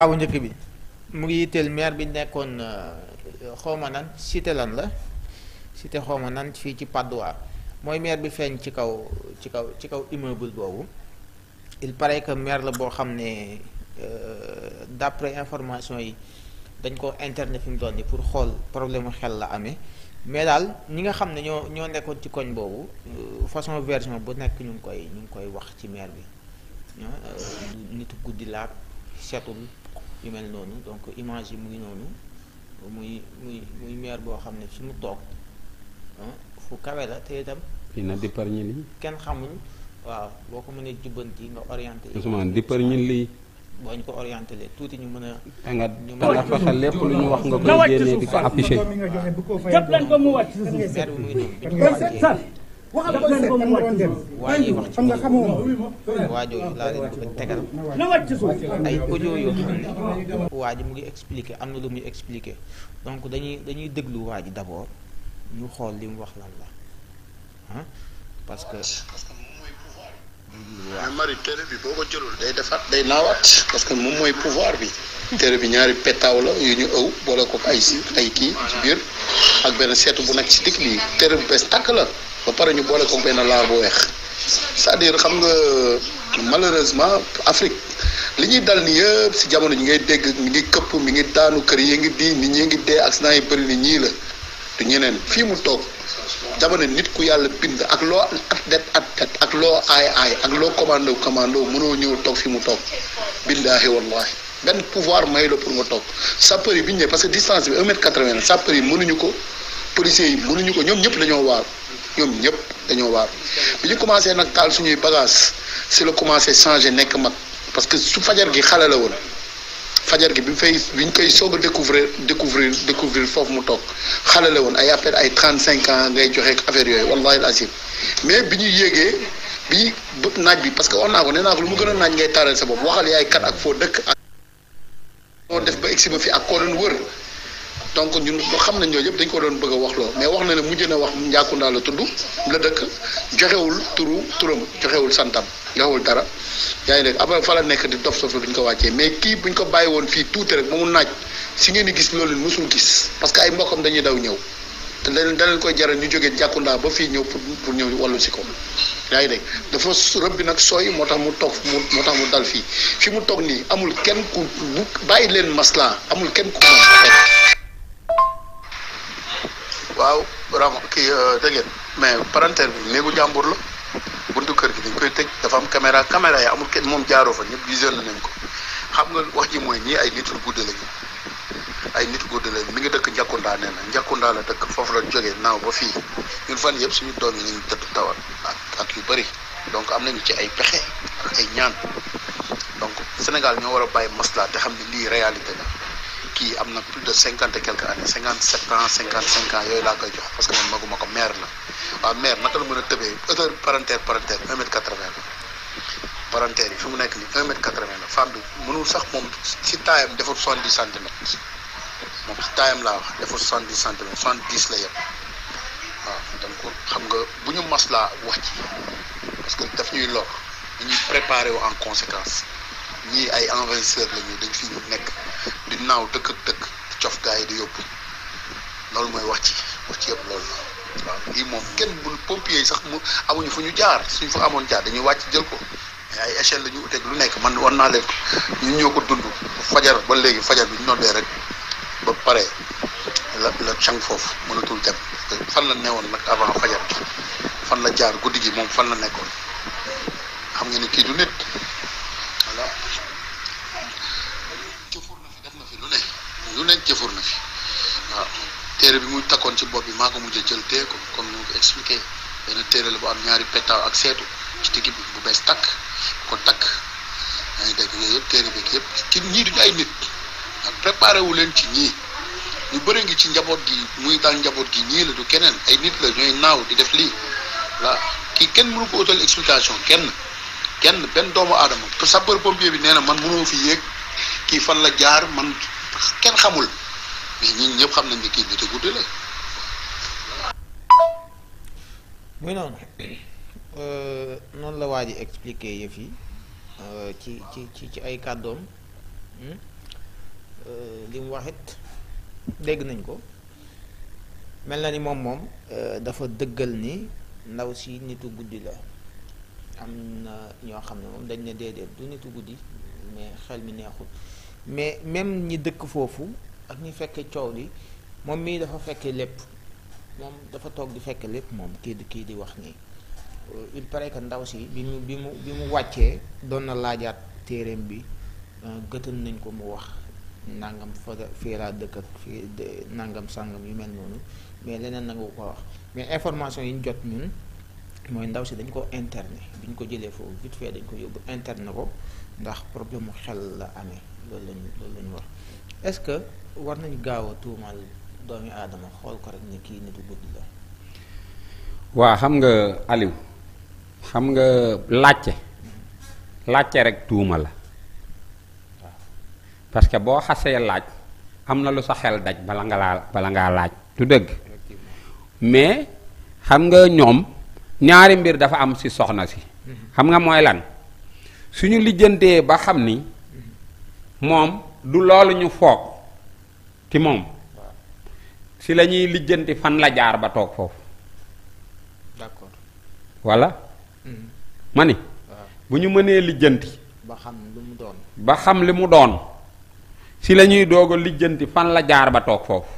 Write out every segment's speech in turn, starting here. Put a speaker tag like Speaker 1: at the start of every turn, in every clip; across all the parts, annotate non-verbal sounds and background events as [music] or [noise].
Speaker 1: waaw njëkk bi mu ngi yitteel maire bi nekkoon euh, xawma nan cité lan la cité xawma nan fii ci Padoa mooy maire bi feeñ ci kaw ci kaw ci kaw immeuble boobu il paraît que maire la boo xam ne euh, d'après information yi dañ ko internet fi mu doon ni pour xool problème mu xel la amee mais daal ñi nga xam ne ñoo ñoo nekkoon ci koñ boobu euh, façon version bu nekk ñu ngi koy ñu ngi koy wax ci maire bi nitu guddi laa setul yu mel noonu donc image yi mu ngi noonu muy muy muy boo xam ne fi mu toog fu kawe la te itam.
Speaker 2: fii na di parñi lii.
Speaker 1: kenn xamul waaw boo ko mënee jubbanti nga orienté. Ousmane di
Speaker 2: parñi lii.
Speaker 1: boo ñu ko orienté lee tuuti
Speaker 2: ñu mën a. nga nga fexe lépp lu ñu wax nga koy génnee di ko affiché.
Speaker 3: waaw képp
Speaker 4: leen ko mu wàcc. maire bi muy waajoo wax
Speaker 1: ci waajoo laa leen bëgg tegal ay audio yoo xam ne waa ji mu ngi expliqué am na lu muy expliqué donc dañuy dañuy déglu waa ji d'abord ñu xool li mu wax lan la ah parce que. mais
Speaker 3: Marie bi ko jëlul day defaat day naawaat parce que moom mooy pouvoir bi. tere bi ñaari petaw la yu ñu ëw boole ko ay si ay kii ci biir ak benn seetu bu nag ci digg lii téere bu bees tàkk la ba pare ñu boole ko benn laar bu weex. cest à xam nga malheureusement Afrique li ñuy dal ni yëpp si jamono ñi ngay dégg mi ngi këpp mi ngi daanu kër yee ngi di nit ñi ngi dee naa yi bëri ni ñii la du ñeneen fii mu toog jamono nit ku yàlla bind ak loo at det at ak loo aay aay ak loo commando commando mënoo ñëw toog fi mu toog billaahi wallahi benn pouvoir may la pour nga toog sapeur yi bi ñu ñëwee parce que distance bi un mètre quatre-vingt sapeur mënuñu ko policiers yi mënuñu ko ñoom ñëpp lañoo waar ñoom ñëpp dañoo waar bi ñu commencé nag taal suñuy bagage si la commencé changé nekk mag parce que su fajar gi xale la woon fajar gi bi fay bi ñu koy soog a découvrir découvrir découvrir foofu mu toog xale la woon ay affaire ay 35 ans ngay joxe affaire yooyu wallahi asim mais bi ñu yéegee bi naaj bi parce que wax naa ko nee naa ko lu mu gën a naaj ngay taaral sa bopp waxal yaay kat ak foo dëkk ak moo def ba egsi ba fi ak koo doon wër donc ñun xam nañ ñoo yëpp dañ ko doon bëgg a wax loo mais wax na ne mujj na wax Njaakunda la tudd la dëkk joxewul turu turam joxewul santam joxewul dara yaa ngi dégg après fa la nekk di dof sof la ko wàccee mais kii buñ ko bàyyi woon fii tuuti rek ba mu naaj si ngeen di gis loolu musul gis parce que ay mbokkam dañuy daw ñëw te dañ koy jaral ñu jógee Njaakunda ba fi ñëw pour pour ñëw wàllu si ko yaa ngi dégg dafa rëb bi nag sooy moo tax mu toog moo tax mu dal fii fi mu toog nii amul kenn ku bu bàyyi leen masla amul kenn ku waaw ram kii euh, dégg mais parenthèse bi néegu jàmbur la buntu kër gi dañ koy tëj dafa am caméra caméra yi amul kenn moom jaaroo fa ñëpp visionné nañ ko xam nga wax ji mooy ñii ay nit lu guddi lañu ay nit gudd la mi ngi dëkk Njakunda nee na Njakunda la dëkk foofu la jógee naaw ba fii ñun fan yëpp suñu doom yi nañu tëdd tawal ak ak yu bëri donc am nañu ci ay pexe ay ñaan donc Sénégal ñoo war a bàyyi maslaa te xam ne lii réalité kii am na plus de cinquante et quelques années cinquante sept ans cinquante cinq ans yooyu laa koy jox parce que man maguma ko maire la waaw maire naka la mën a tëbee hauteur parentère parentère un mètre quatre vingt la parentère yi fi mu nekk nii un mètre quatre vingt la femme bi mënul sax moom si taayam deful soixante dix centimètres moom si taayam laa wax deful soixante dix centimètres soixante dix la yem waaw ko xam nga bu ñu mas laa wax ci parce que daf ñuy lor dañuy préparé wu en conséquence ñii ay envahisseurs la ñu dañ fi nekk di naaw dëkk ak dëkk cof gars yi di yóbbu loolu mooy wax ci wax ci yëpp loolu la waaw lii moom kenn bu pompier sax mu amuñu fu ñu jaar suñ fa amoon jaar dañuy wàcc jël ko mais ay échelle la ñu uteeg lu nekk man war naa leen ñu ñëw ko dund fajar ba léegi fajar bi ñu noddee rek ba pare la cang foofu mënatul dem fan la newoon nag avant fajar fan la jaar guddi gi moom fan la nekkoon xam nga ni kii du nit nekk jëfur na fi waaw téere bi mu takkoon ci bopp bi maa ko mujj a jël téye ko kon ni ma ko expliqué benn téere la bu am ñaari pettaaw ak seetu ci digg bi bu bees takk ko takk yaa ngi dégg yooyu yëpp téere beeg yëpp ki ñii duñu ay nit ndax préparé wu leen ci ñii ñu bëri ngi ci njaboot gi muy daal njaboot gi ñii la du keneen ay nit la ñooy naaw di def lii la kii kenn mënu ko utal explication kenn kenn benn doomu aadama sapeur pompier bi nee na man mënoo fi yéeg kii fan la jaar man kenn xamul mais ñun ñëpp xam na ni kii nit a guddi la.
Speaker 1: muy noonu euh, noonu la waa ji expliqué yëf yi euh, ci ci ci ay kàddoom hmm? euh, li mu waxit dégg nañ ko mel na ni moom moom dafa dëggal ni ndaw si nitu guddi la am na ñoo xam ne moom dañ ne déedéet du nitu guddi mais xel mi neexul mais même ñi dëkk foofu ak ñi fekkee coow li moom mii dafa fekkee lépp moom dafa toog di fekkee lépp moom kii di kii di wax nii euh, il paraît que ndaw si bi mu bi mu bi mu wàccee doon na laajaat téereem bi euh, gëtal nañ ko mu wax nangam fa fii laa dëkk ak fii nangam sàngam yu mel noonu mais leneen nangu ko wax mais information yi ñu jot ñun mooy ndaw si dañ ko interne bi ñu ko jëlee foofu vite fait dañ ko yóbbu interne ko ndax problème mu xel la amee loolu lañ loolu lañ wax est-ce que war nañ gaaw a tuumaal doomi aadama xool ko rek ni kii nitu guddi la
Speaker 2: waa xam nga Aliou xam nga laajte laajte rek tuuma la parce que boo xasee laaj am na lu sa xel daj bala nga laa bala ngaa laaj du dëgg mais xam nga ñoom ñaari mbir dafa am si soxna si mhm. xam nga mooy lan suñu lijjantee ba xam ni moom du loolu ñu foog ci moom si lañuy lijjanti fan la jaar ba toog foofu d'accord mm-hmm. ma ni bu ñu mënee lijjanti ba xam li mu doon ba si la ñuy doog lijjanti fan la jaar ba toog foofu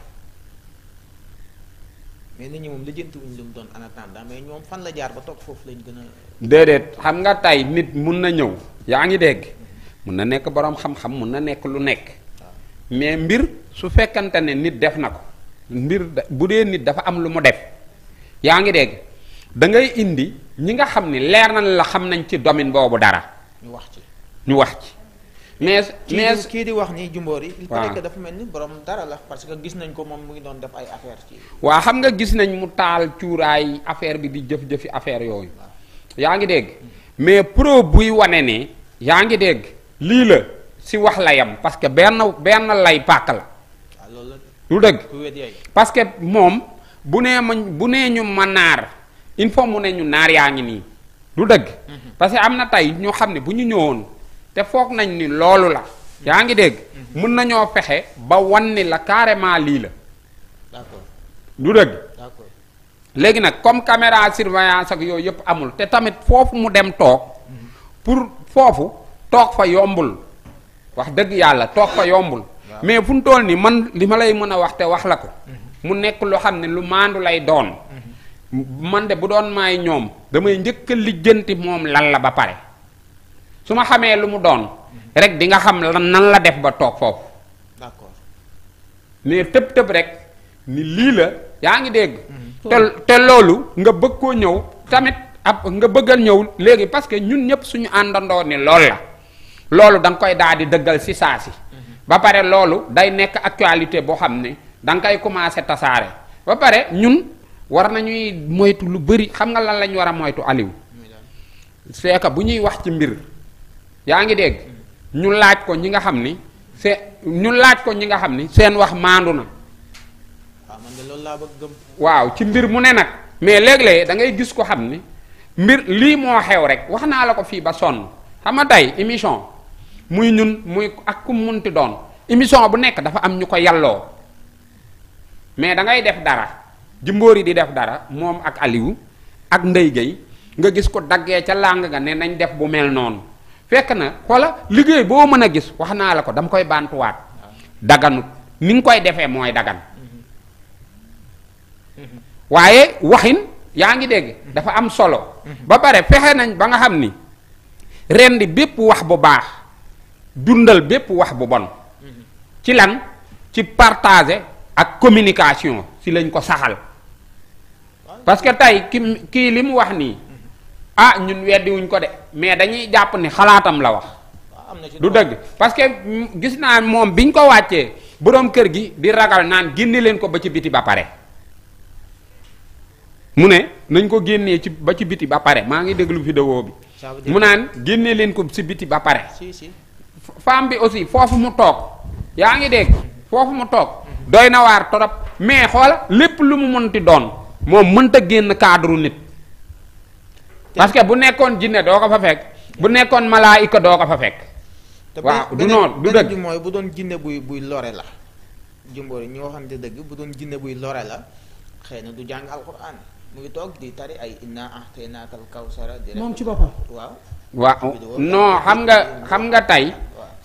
Speaker 1: mais nit ñi moom lijjanti wuñ lu mu doon en attendant mais ñoom fan la jaar ba toog foofu lañ gën a.
Speaker 2: déedéet xam nga tey nit mun na ñëw yaa ngi dégg mun na nekk boroom xam-xam mun na nekk lu nekk mais mbir su fekkante ne nit def na ko mbir bu dee nit dafa am lu mu def yaa ngi dégg da ngay indi ñi nga xam ni leer nañ la xam nañ ci domaine boobu dara. wax ci ñu wax ci. mais mais kii
Speaker 1: di wax ni jumboor yi. waa que mel ni borom dara la parce que gis nañ ko moom mu ngi doon def ay affaire ci.
Speaker 2: waaw xam nga gis nañ mu taal cuuraay affaire bi di jëf-jëfi affaire yooyu. yaa ngi dégg mais pro buy wane ne. yaa ngi dégg lii la si wax la yam parce que benn benn lay pàkk la. Ah, lu dëgg parce que moom bu nee ma bu nee ñu ma naar il faut mu ne ñu naar yaa ngi nii. lu dëgg. Mhm. parce que am na tey ñoo xam ne bu ñu ñëwoon. te foog nañ ni loolu la yaa ngi dégg mun nañoo fexe ba wan la carrément lii la d'accord du dëgg léegi nag comme caméra surveillance ak yooyu yëpp amul te tamit foofu mu dem toog pour foofu toog fa yombul wax dëgg yàlla toog fa yombul mais fu mu toll nii man li ma lay mën a wax te wax la ko mhm. mu nekk loo xam ne lu maandu lay doon mhm. man de bu doon may ñoom damay njëkk a lijjanti moom lan la ba pare su ma xamee lu mu doon rek di nga xam lan nan la def ba toog foofu d'accord mais tëb tëb rek ni lii la yaa ngi dégg mhm. te te loolu nga bëgg koo ñëw tamit ab nga bëggal ñëw léegi parce que ñun ñëpp suñu àndandoo ni lool la loolu da nga koy daal di dëggal si saa si mhm. ba pare loolu day nekk actualité boo xam ne da nga koy commencé tasaare ba pare ñun war nañuy moytu lu bëri xam nga lan lañ war a moytu Aliou c'est bu ñuy wax ci mbir yaa ngi dégg ñu laaj ko ñi nga xam ni se ñu laaj ko ñi nga xam ni seen wax maandu na.
Speaker 1: waaw ah, loolu laa bëgg
Speaker 2: waaw ci mbir mu ne nag mais léeg-léeg da ngay gis ko xam ni mbir lii moo xew rek wax naa la ko fii ba sonn xam tey émission muy ñun muy ak ku munti doon émission bu nekk dafa am ñu ko yàlloo mais dangay def dara yi di def dara moom ak Aliou ak Ndeye Gueye nga gis ko daggee ca làng nga ne nañ def bu mel noonu. fekk na xoola liggéey boo mën a gis wax naa la ko dama koy bantuwaat daganut ni nga koy defee mooy dagan waaye waxin yaa ngi dégg dafa am solo ba pare fexe nañ ba nga xam ni rend bépp wax bu baax dundal bépp wax bu bon ci lan ci partage ak communication si lañ ko saxal parce que tey ki kii li mu wax nii ah ñun weddi wuñ ko de mais dañuy jàpp ni xalaatam la wax. du dëgg parce que gis naa moom biñ ko wàccee boroom kër gi di ragal naan génnee leen ko ba ci biti ba pare. mu ne nañ ko génnee ci ba ci biti ba pare maa ngi déglu vidéo bi. mu naan génne leen ko ci biti ba pare. si si femme aussi foofu mu toog yaa ngi dégg foofu mu toog. doy na waar torop mais xoola lépp lu mu mënti doon moom mënta génn cadre nit. parce que bu nekkoon jinne doo ko fa fekk bu nekkoon malaayika doo ko fa fekk waaw du noonu du dëgg mooy bu doon jinne
Speaker 1: buy buy lore la jumboor ñu waxante dëgg bu doon jinne buy lore la xëy na du jàng alxuraan toog di tari ay inna ahtaynaka al kawsara moom ci boppam waaw
Speaker 2: waaw xam nga xam nga tey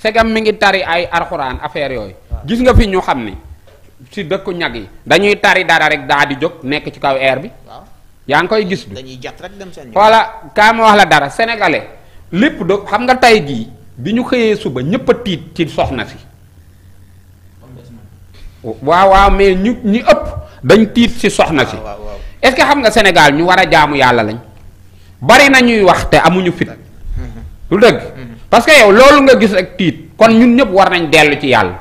Speaker 2: segam mi ngi tari ay alxuraan affaire yooyu gis nga fi ñu xam ni si dëkku ñag yi dañuy tari dara rek daa di jóg nekk ci kaw air bi yaa ngi koy gis. dañuy jàpp rek dem seen voilà kaa ma wax la dara sénégalais lépp do xam nga tey jii bi ñu xëyee suba ñëpp a tiit ci soxna si. waaw waaw ñu ñu ëpp dañ tiit ci soxna si. xam nga Sénégal ñu war a jaamu yàlla lañ. bari na ñuy wax te amuñu fit. lu dëgg. parce que yow loolu nga gis ak tiit kon ñun ñëpp war nañ dellu ci yàlla.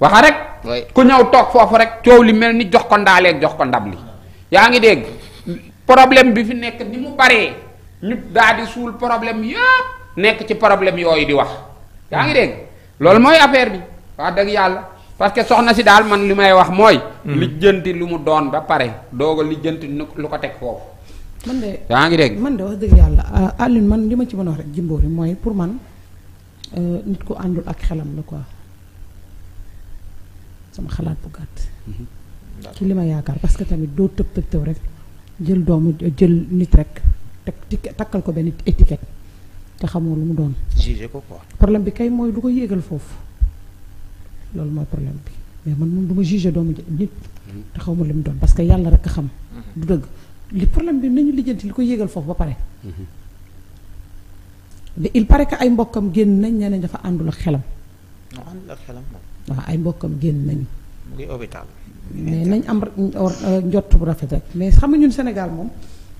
Speaker 2: wax rek. ku ñëw toog foofu rek coow li mel ni jox ko ndaalee jox ko ndab li yaa ngi dégg. problème bi fi nekk ni mu baree ñu daa di suul problème yëpp nekk ci problème yooyu di wax yaa ngi dégg loolu mooy affaire bi waa dëgg yàlla parce que soxna si daal man li may wax mooy hmm. lijjanti lu mu doon ba pare doog a lijjanti lu ko teg foofu man yaa ngi
Speaker 4: man de wax dëgg yàlla ah, Alioune man li ci mën a wax rek mooy pour man euh, nit ko àndul ak xelam la quoi sama xalaat bu gàtt mhm. ci li ma yaakaar parce que tamit doo tëb tëb tëb rek jël doomu jël nit rek teg takkal ko benn étiquette te xamoo lu mu doon. jugé ko quoi. problème bi kay mooy du ko yéegal foofu loolu mooy problème bi mais man moom du ma jugé doomu nit hmm. te xaw ma lu mu doon parce que yàlla rekk xam. Hmm. du dëgg li problème bi nañu lijjanti li ko yéegal foofu ba pare. Hmm. il paraît que ay mbokkam génn nañ ñeneen dafa àndul ak xelam. àndul ak waaw ay mbokkam génn nañu. mais nañ am euh, njott bu rafet rek mais xam nga ñun Sénégal moom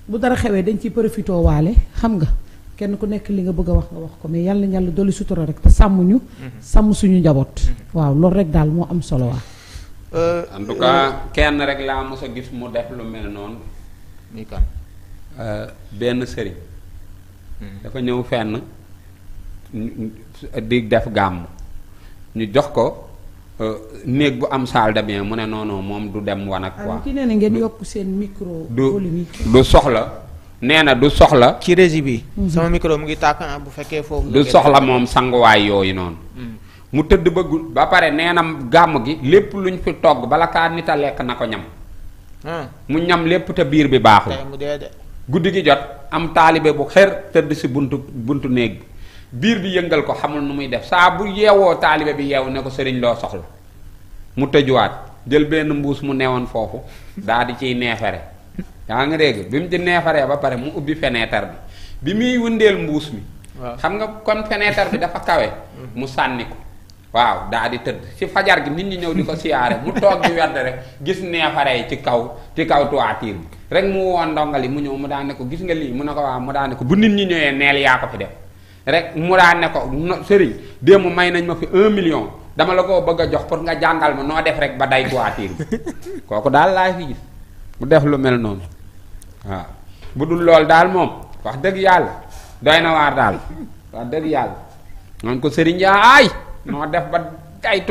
Speaker 4: bu dara xewee dañ ciy profité waale xam nga kenn ku nekk li nga bëgg wax nga wax ko mais yàlla na yàlla dolli sutura rek te sàmm ñu. Mhm. sàmm suñu njaboot. Mhm. waaw loolu rek daal moo am solo waa.
Speaker 2: Euh, en tout cas euh, kenn rek laa mos gis mu def lu mel noonu. muy kan. benn sëriñ. Mhm. dafa ñëw fenn di def gàmm ñu jox ko. Euh, néeg bu am salle de mu ne noonu moom du dem wanag ah, quoi. ki
Speaker 4: ngeen yokk seen micro. du
Speaker 2: du soxla. nee na du soxla. ci régie bi.
Speaker 4: Mhm. sama
Speaker 1: micro mu ngi tàkk ah, bu fekkee foofu. du soxla moom
Speaker 2: sanguwaay yooyu noonu. Mm. mu tëdd ba gudd ba pare nee na gàmm gi lépp lu luñ fi togg bala kaa nit a lekk na ko ñam. Ah. mu ñam lépp te biir bi baaxul. guddi gi jot am taalibe bu xër tëdd si buntu buntu néeg biir bi yëngal ko xamul nu muy def saa bu yeewoo taalibe bi yeewu ne ko sëriñ loo soxla mu tëjuwaat jël benn mbuus mu newoon foofu daa di ciy neefare yaa ngi dégg bi mu ci neefaree ba pare mu ubbi fenêtre bi muy wëndeel mbuus mi xam nga kon fenêtre bi dafa kawe mm. mu sànni ko waaw daa di tëdd si fajar gi nit ñi ñëw di ko siyaare mu toog di wedd rek gis neefare yi ci kaw ci kaw toiture bi rek mu woon ndongali mu ñëw mu daan ne ko gis nga lii mu ne ko waa mu daan ne ko bu nit ñi ñëwee neel yaa ko fi def rek mu daan ne ko no sëriñ démb may nañ ma fi un million dama la koo bëgg a jox pour nga jàngal ma noo def rek ba day toiture bi [laughs] kooku daal laa fi mu def lu mel noonu waaw bu dul lool daal moom wax dëgg yàlla doy na waar daal yàlla noonu ko sëriñ yaa noo def ba day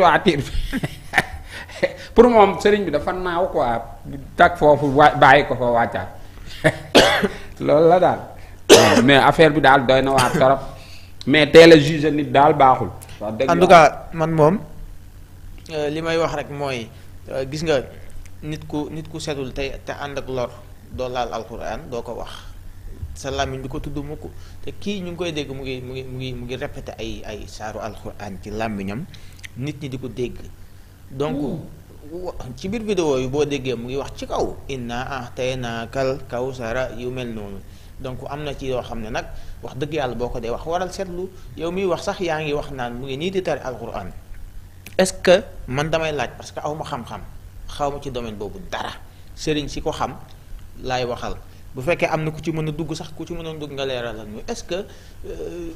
Speaker 2: [laughs] pour moom sëriñ bi dafa naaw quoi tag foofu wa bàyyi ko fa wàccaat [laughs] loolu la daal [coughs] mais affaire bi daal doy na waar torop mais teel a jugé nit daal baaxul. en tout cas
Speaker 1: man moom euh, li may wax rek mooy euh, gis nga nit ku nit ku setul te te ànd ak lor doo laal alxuraan doo ko wax sa làmmiñ di ko tudd mukk te kii ñu ngi koy dégg mu ngi mu ngi mu ngi mu ngi répété ay ay saaru alxuraan ci làmmiñam nit ñi di ko dégg donc. ci biir vidéo yi boo déggee mu ngi wax ci kaw inna ah tey naakal kaw sara yu mel noonu donc am na ci yoo xam ne nag wax dëgg yàlla boo ko dee wax waral seetlu yow miy wax sax yaa ngi wax naan mu ngi nii di tari alquran est-ce que man damay laaj parce que aw ma xaw ma ci domaine boobu dara sëriñ si ko xam laay waxal bu fekkee am na ku ci mën a dugg sax ku ci mën a dugg nga leeralal ñu est-ce que euh,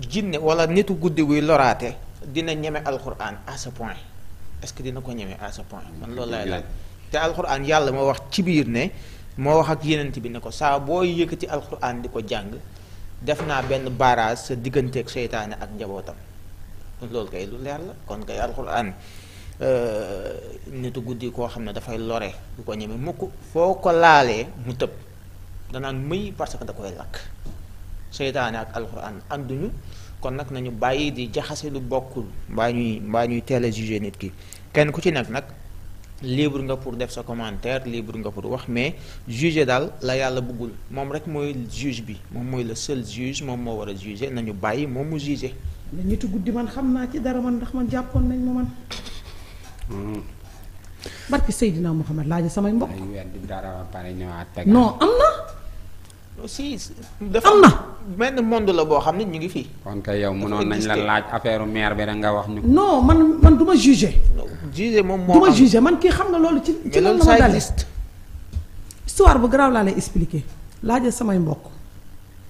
Speaker 1: jinne wala nitu guddi guy loraate dina ñeme alquran à ce point que dina ko ñeme à ce man loolu laay laaj te alquran yàlla moo wax ci biir ne moo wax ak yenent bi ne ko saa booy yëkkati alxuraan di ko jàng def naa benn barrage sa digganteeg seytaane ak njabootam loolu kay lu leer la kon kay alxuraan euh, nitu guddi koo xam ne dafay lore du ko ñeme mukk foo ko laalee mu tëb danaan mëy parce que da koy lakk seytaane ak alxuraan ànduñu kon nag nañu bàyyi di jaxase lu bokkul mbaa ñuy mbaa ñuy teel a jugé nit ki kenn ku ci nekk nag libre nga pour def sa commentaire libre nga pour wax mais juge daal la yàlla bëggul moom rek mooy juge bi moom mooy le seul juge moom moo war a juger nañu bàyyi moom mu juger.
Speaker 4: mais guddi man xam naa ci dara man ndax man jàppoon nañ ma man. Hmm. barki Seydina Mouhamed laaj samay mbokk. non am na. si dafa am na. benn monde
Speaker 1: la boo xam ne ñu ngi fii.
Speaker 2: kon kay yow mënoon nañ la laaj affaire maire bi rek nga wax ñu.
Speaker 1: non man man du ma juger moom moo am du
Speaker 4: man kii xam na loolu ci ci lan la ma dalee histoire bu garaaw laa lay expliquer laajal samay mbokk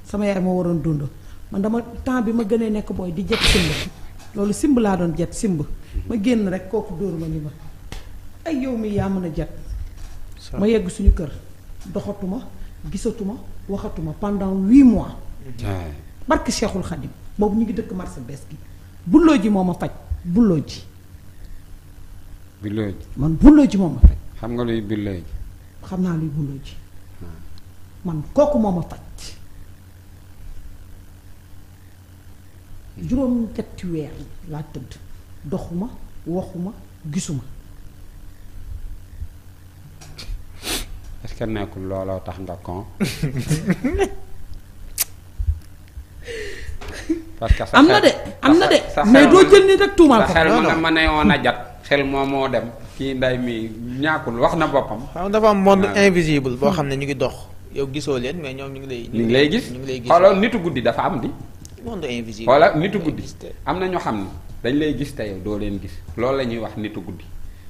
Speaker 4: sama yaay moo waroon dund man dama temps bi ma gënee nekk boy di jet simb loolu simb laa doon jet simb ma génn rek kooku dóor ma ni ma ay yow mi yaa mën a jet ma yegg suñu kër doxatuma gisatuma waxatuma pendant huit mois barke Cheikhul Khadim boobu ñu ngi dëkk marché bees gi bulloo ji moo ma faj buloo ji bulloo ji man bulloo ji moo ma faj.
Speaker 2: xam nga luy bulloo ji.
Speaker 4: xam naa luy bulloo ji. Ah. man kooku moo ma faj. juróom ñetti weer laa tëdd doxuma waxuma gisuma.
Speaker 2: est-ce nekkul looloo tax nga kon [laughs] parce que na de am xel mën a mën a yoon a jat xel moom moo dem kii nday mi ñaakul wax na boppam. waaw dafa am monde invisible boo xam ne ñu ngi dox. yow gisoo leen mais ñoom ñu ngi lay. ñu ngi lay gis ñu ngi lay gis xoolal nitu guddi dafa am di.
Speaker 1: monde invisible walla
Speaker 2: nitu guddi am na ñoo xam ne dañ lay gis te yow doo leen gis loolu la ñuy wax nitu guddi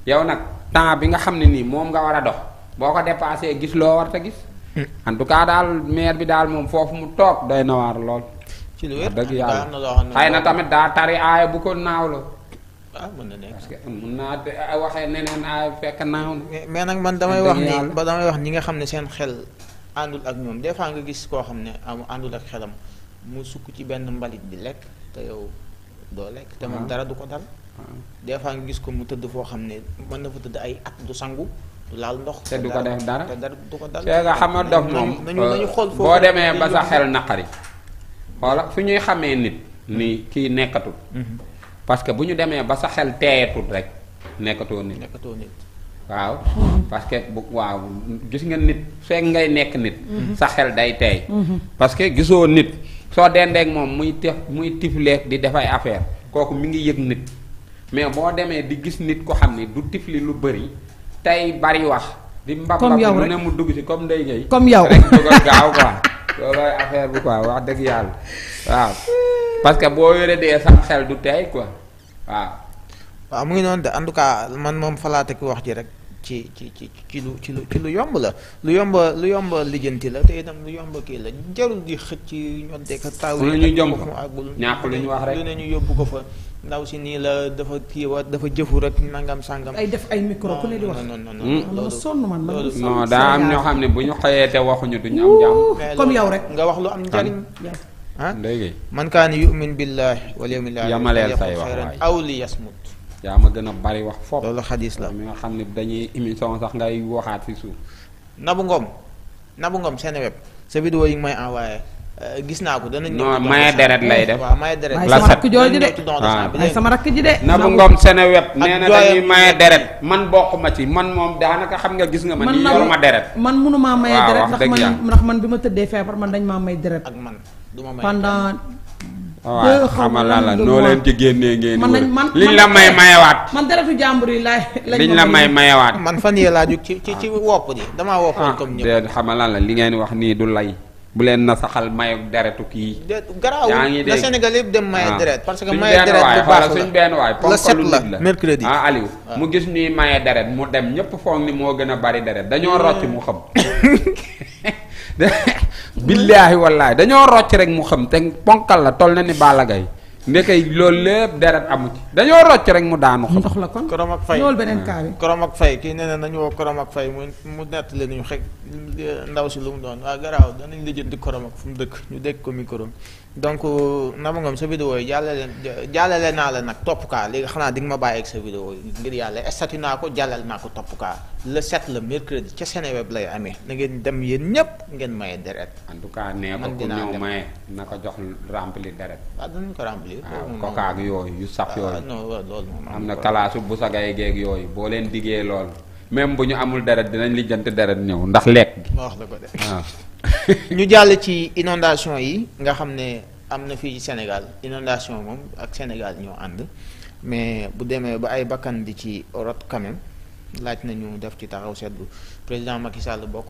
Speaker 2: yow nag temps bi nga xam ne nii moom nga war a dox boo ko dépassé gis loo war te gis. Hmm. en tout cas daal maire bi daal moom foofu mu toog day nawaar lool. ci lu yàlla na tamit ah mën na nekk parce que mun naa ah, ah, waxee neneen ah fekk naa mais nag man damay wax ni ba damay wax
Speaker 1: ñi nga xam ne seen xel àndul ak ñoom des fois nga gis koo xam ne am àndul ak xelam mu sukk ci benn mbalit bi lekk te yow doo lekk. te moom ah. dara du ko dal. des fois nga gis ko mu tëdd foo xam ne mën na fa tëdd ay at du sangu. laal ndox te du ko def dara te dara du ko dal te nga xam dof moom nañu xool euh, foofu boo demee ba sa xel
Speaker 2: naqari. xoola fu ñuy xamee nit. ni kii nekkatul. Mm-hmm. parce que bu ñu demee ba sa xel teeyatul rek nekkatoo nit. nekkatoo waaw parce que bu waaw gis nga nit fekk ngay nekk nit. Mhm. sa xel day teey. Mhm. parce que gisoo nit soo dendeek moom muy tef muy tifleek di dafay affaire kooku mi ngi yëg nit mais boo demee di gis nit ko xam ne du tifli lu bëri tey bari wax. di mbab mbab lu ne mu dugg ci comme Ndeye Gueye. comme yow rek jógal gaaw quoi [laughs] loolooy affaire bi quoi wax dëgg yàlla waaw. parce boo yoree dee sam xel du tey quoi waaw. waaw
Speaker 1: mu ngi noonu de en tout cas man moom falaate ku wax ji rek ci ci ci ci lu ci lu lu yomb la lu yomb lu yomba lijjanti la te itam lu yomb kii la jarul di xëcc ñoom de ka taw. lu ñu jomb ko ñàkk lu ñu wax rek lu ne yóbbu ko fa. ndaw si nii la dafa kii wa dafa
Speaker 2: jëfu rek nangam sàngam
Speaker 4: ay def ay micro ku noonu di wax non non non hmm. loolu sonn man man non daa am
Speaker 1: ñoo xam ne
Speaker 2: bu ñu xëyee te waxuñu duñu
Speaker 1: am nga wax lu am njariñ ah léegi man kaan yu'min billaahi wal yawmil aaxir yamaleel say wax waay aw yasmut yaa ma gën a bari wax fopp loolu xadis la mi nga xam ne dañuy émission sax ngay waxaat si suuf Nabou Ngom Nabou ngoom seen web sa yi may envoyé euh, gis naa ko danañ non maye deret lay def waaw
Speaker 2: maye
Speaker 4: deret la sama rakk jooju ah. sama rakk ji de Nabou Ngom
Speaker 2: seen web nee na dañuy maye deret man bokk ma ci man moom daanaka xam nga gis nga ma ni yor ma deret
Speaker 4: man mënumaa maye deret ndax man ndax ma tëddee feebar man dañ maa may deret ak man pendant
Speaker 2: ah, waaw xamal la noo leen ci génnee ngeen man man la may mayawaat
Speaker 4: man deretu jàmbur yi laay liñ la may mayawaat man fan yee laa jug ci ci
Speaker 2: ci wopp ji damaa woppoon ah, comme ñëpp xamal la li ngeen wax nii du lay bu leen na saxal mayu deretu kii garaaw na senegal yëpp dem maye ah. deret parce que maye deret bu baax la suñ benn waay la set la mercredi ah Aliou mu gis ñuy maye deret mu dem ñëpp foog ni moo gën a bari deret dañoo rocc mu xam [laughs] billaahi wallaahi dañoo rocc rek mu xam te ponkal la toll na ni baalagay ndekay loolu lépp deret amu ci dañoo rocc rek mu daanu xam ndox
Speaker 1: la kon korom ak fay loolu beneen kaa bi hmm. ak fay kii nee na nañu woo korom ak fay mu mu nett le niñu xek ndaw si lu mu doon waaw garaaw danañ lijjanti korom ak fu mu dëkk ñu dégg ko micro donc Nabou Ngom sa vidéo yi jàllale jàllale naa la nag topp kaa léegi xanaa di nga ma bàyyi ak sa vidéo yi ngir yàlla statut naa ko jàllale naa ko topp kaa le 7 le mercredi ca Seneweb lay amee na ngeen dem yéen ñëpp ngeen maye deret. en tout cas nee ko ku ñëw maye na ko jox
Speaker 2: rempli deret. waaw ah, dinañ ko rempli.
Speaker 1: waaw ah, coca ak
Speaker 2: yooyu yu saf ah, yooyu. non am na kalaasu bu sagay geeg yooyu boo leen diggee lool même bu ñu amul deret dinañ lijjanti deret ñëw ndax lekk gi. ma wax la ko de.
Speaker 1: [laughs] ñu jàll ci inondation
Speaker 2: yi nga xam ne
Speaker 1: am na fii ci Sénégal inondation moom ak Sénégal ñoo ànd mais bu demee ba ay bakkan di ci rot quand même laaj nañu def ci taxaw seetlu président Macky Sall bokk